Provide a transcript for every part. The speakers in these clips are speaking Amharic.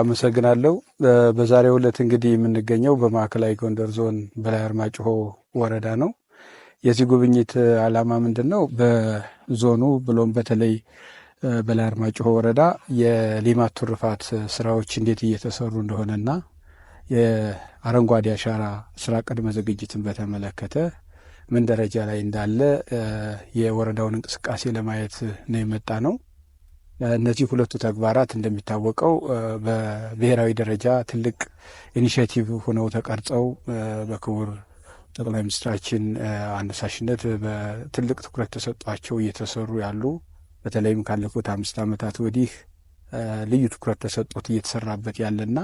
አመሰግናለሁ። በዛሬው ዕለት እንግዲህ የምንገኘው በማዕከላዊ ጎንደር ዞን በላይ አርማጭሆ ወረዳ ነው። የዚህ ጉብኝት ዓላማ ምንድን ነው? በዞኑ ብሎም በተለይ በላይ አርማጭሆ ወረዳ የሊማት ትሩፋት ስራዎች እንዴት እየተሰሩ እንደሆነና የአረንጓዴ አሻራ ስራ ቅድመ ዝግጅትን በተመለከተ ምን ደረጃ ላይ እንዳለ የወረዳውን እንቅስቃሴ ለማየት ነው የመጣ ነው። እነዚህ ሁለቱ ተግባራት እንደሚታወቀው በብሔራዊ ደረጃ ትልቅ ኢኒሽቲቭ ሆነው ተቀርጸው በክቡር ጠቅላይ ሚኒስትራችን አነሳሽነት በትልቅ ትኩረት ተሰጧቸው እየተሰሩ ያሉ በተለይም ካለፉት አምስት ዓመታት ወዲህ ልዩ ትኩረት ተሰጦት እየተሰራበት ያለና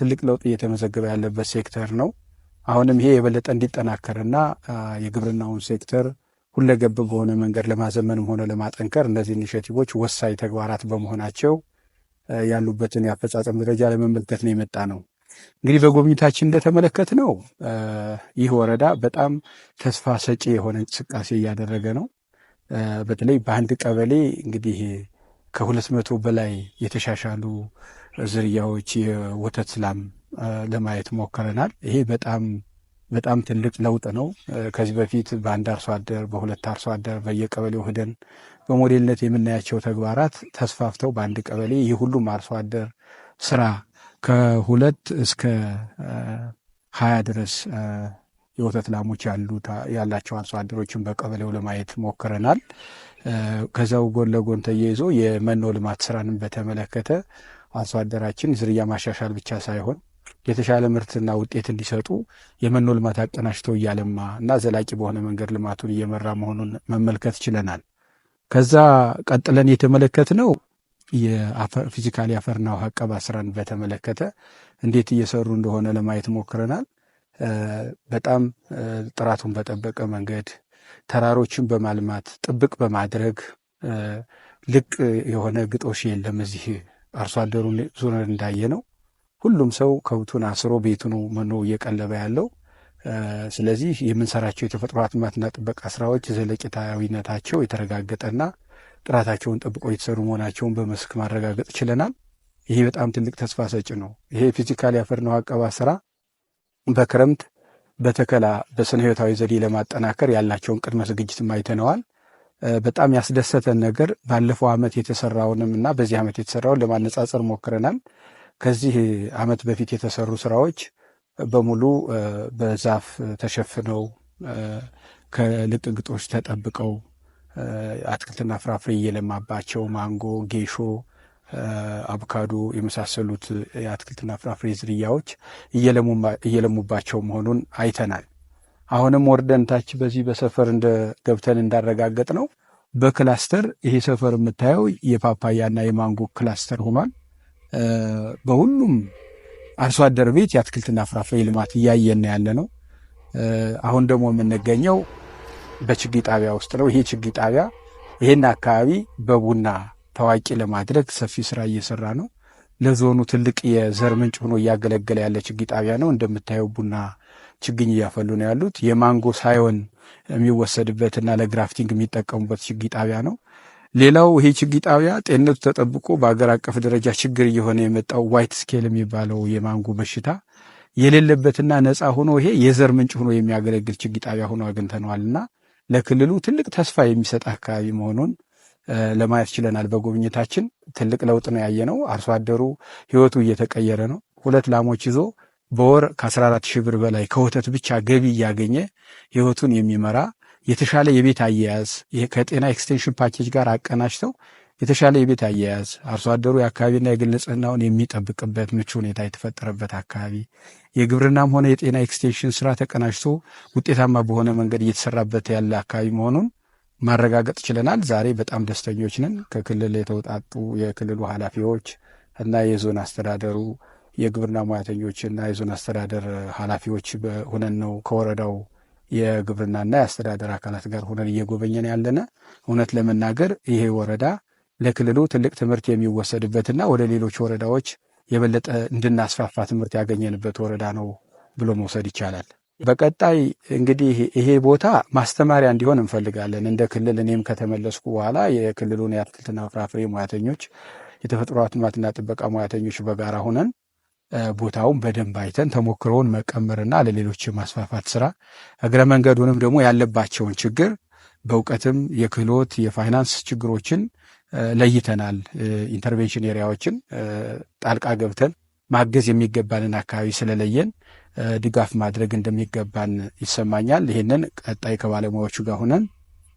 ትልቅ ለውጥ እየተመዘገበ ያለበት ሴክተር ነው። አሁንም ይሄ የበለጠ እንዲጠናከርና የግብርናውን ሴክተር ሁለገብ በሆነ መንገድ ለማዘመንም ሆነ ለማጠንከር እነዚህ ኢኒሼቲቮች ወሳኝ ተግባራት በመሆናቸው ያሉበትን የአፈጻጸም ደረጃ ለመመልከት ነው የመጣ ነው። እንግዲህ በጎብኝታችን እንደተመለከት ነው ይህ ወረዳ በጣም ተስፋ ሰጪ የሆነ እንቅስቃሴ እያደረገ ነው። በተለይ በአንድ ቀበሌ እንግዲህ ከሁለት መቶ በላይ የተሻሻሉ ዝርያዎች የወተት ላም ለማየት ሞክረናል። ይሄ በጣም በጣም ትልቅ ለውጥ ነው። ከዚህ በፊት በአንድ አርሶ አደር፣ በሁለት አርሶ አደር በየቀበሌው ሂደን በሞዴልነት የምናያቸው ተግባራት ተስፋፍተው በአንድ ቀበሌ ሁሉም አርሶ አደር ስራ ከሁለት እስከ ሀያ ድረስ የወተት ላሞች ያላቸው አርሶ አደሮችን በቀበሌው ለማየት ሞክረናል። ከዚያው ጎን ለጎን ተያይዞ የመኖ ልማት ስራንም በተመለከተ አርሶ አደራችን ዝርያ ማሻሻል ብቻ ሳይሆን የተሻለ ምርትና ውጤት እንዲሰጡ የመኖ ልማት አቀናጅቶ እያለማ እና ዘላቂ በሆነ መንገድ ልማቱን እየመራ መሆኑን መመልከት ችለናል። ከዛ ቀጥለን የተመለከትነው የፊዚካል የአፈርና ውሃ እቀባ ስራን በተመለከተ እንዴት እየሰሩ እንደሆነ ለማየት ሞክረናል። በጣም ጥራቱን በጠበቀ መንገድ ተራሮችን በማልማት ጥብቅ በማድረግ ልቅ የሆነ ግጦሽ የለም እዚህ አርሶ አደሩን ዙረን እንዳየ ነው ሁሉም ሰው ከብቱን አስሮ ቤቱ ነው መኖ እየቀለበ ያለው። ስለዚህ የምንሰራቸው የተፈጥሮ ሀብትና ጥበቃ ስራዎች ዘለቂታዊነታቸው የተረጋገጠና ጥራታቸውን ጠብቆ የተሰሩ መሆናቸውን በመስክ ማረጋገጥ ችለናል። ይሄ በጣም ትልቅ ተስፋ ሰጭ ነው። ይሄ ፊዚካል የአፈር ነው አቀባ ስራ በክረምት በተከላ በስነ ህይወታዊ ዘዴ ለማጠናከር ያላቸውን ቅድመ ዝግጅት አይተነዋል። በጣም ያስደሰተን ነገር ባለፈው ዓመት የተሰራውንም እና በዚህ ዓመት የተሰራውን ለማነጻጸር ሞክረናል። ከዚህ ዓመት በፊት የተሰሩ ስራዎች በሙሉ በዛፍ ተሸፍነው ከልቅግጦች ተጠብቀው አትክልትና ፍራፍሬ እየለማባቸው ማንጎ፣ ጌሾ፣ አቮካዶ የመሳሰሉት የአትክልትና ፍራፍሬ ዝርያዎች እየለሙባቸው መሆኑን አይተናል። አሁንም ወርደን ታች በዚህ በሰፈር እንደ ገብተን እንዳረጋገጥ ነው በክላስተር ይሄ ሰፈር የምታየው የፓፓያና የማንጎ ክላስተር ሆኗል። በሁሉም አርሶ አደር ቤት የአትክልትና ፍራፍሬ ልማት እያየን ያለ ነው። አሁን ደግሞ የምንገኘው በችግኝ ጣቢያ ውስጥ ነው። ይሄ ችግኝ ጣቢያ ይሄን አካባቢ በቡና ታዋቂ ለማድረግ ሰፊ ስራ እየሰራ ነው። ለዞኑ ትልቅ የዘር ምንጭ ሆኖ እያገለገለ ያለ ችግኝ ጣቢያ ነው። እንደምታየው ቡና ችግኝ እያፈሉ ነው ያሉት። የማንጎ ሳይሆን የሚወሰድበትና ለግራፍቲንግ የሚጠቀሙበት ችግኝ ጣቢያ ነው። ሌላው ይሄ ችግኝ ጣቢያ ጤንነቱ ተጠብቆ በአገር አቀፍ ደረጃ ችግር እየሆነ የመጣው ዋይት ስኬል የሚባለው የማንጎ በሽታ የሌለበትና ነፃ ሆኖ ይሄ የዘር ምንጭ ሆኖ የሚያገለግል ችግኝ ጣቢያ ሆኖ አግኝተነዋልና ለክልሉ ትልቅ ተስፋ የሚሰጥ አካባቢ መሆኑን ለማየት ችለናል። በጉብኝታችን ትልቅ ለውጥ ነው ያየነው። አርሶ አደሩ ህይወቱ እየተቀየረ ነው። ሁለት ላሞች ይዞ በወር ከ14 ሺህ ብር በላይ ከወተት ብቻ ገቢ እያገኘ ህይወቱን የሚመራ የተሻለ የቤት አያያዝ ከጤና ኤክስቴንሽን ፓኬጅ ጋር አቀናጅተው የተሻለ የቤት አያያዝ አርሶ አደሩ የአካባቢና የግል ንጽህናውን የሚጠብቅበት ምቹ ሁኔታ የተፈጠረበት አካባቢ የግብርናም ሆነ የጤና ኤክስቴንሽን ስራ ተቀናጅቶ ውጤታማ በሆነ መንገድ እየተሰራበት ያለ አካባቢ መሆኑን ማረጋገጥ ችለናል። ዛሬ በጣም ደስተኞች ነን። ከክልል የተውጣጡ የክልሉ ኃላፊዎች እና የዞን አስተዳደሩ የግብርና ሙያተኞች እና የዞን አስተዳደር ኃላፊዎች ሆነን ነው ከወረዳው የግብርናና የአስተዳደር አካላት ጋር ሆነን እየጎበኘን ያለነ እውነት ለመናገር ይሄ ወረዳ ለክልሉ ትልቅ ትምህርት የሚወሰድበትና ወደ ሌሎች ወረዳዎች የበለጠ እንድናስፋፋ ትምህርት ያገኘንበት ወረዳ ነው ብሎ መውሰድ ይቻላል። በቀጣይ እንግዲህ ይሄ ቦታ ማስተማሪያ እንዲሆን እንፈልጋለን። እንደ ክልል እኔም ከተመለስኩ በኋላ የክልሉን የአትክልትና ፍራፍሬ ሙያተኞች፣ የተፈጥሮ ልማትና ጥበቃ ሙያተኞች በጋራ ሆነን ቦታውን በደንብ አይተን ተሞክሮውን መቀመርና ለሌሎች የማስፋፋት ስራ እግረ መንገዱንም ደግሞ ያለባቸውን ችግር በእውቀትም የክህሎት የፋይናንስ ችግሮችን ለይተናል። ኢንተርቬንሽን ኤሪያዎችን ጣልቃ ገብተን ማገዝ የሚገባንን አካባቢ ስለለየን ድጋፍ ማድረግ እንደሚገባን ይሰማኛል። ይህንን ቀጣይ ከባለሙያዎቹ ጋር ሆነን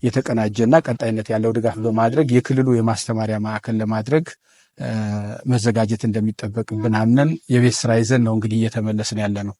የተቀናጀና ቀጣይነት ያለው ድጋፍ በማድረግ የክልሉ የማስተማሪያ ማዕከል ለማድረግ መዘጋጀት እንደሚጠበቅብን አምነን የቤት ስራ ይዘን ነው እንግዲህ እየተመለስን ያለ ነው።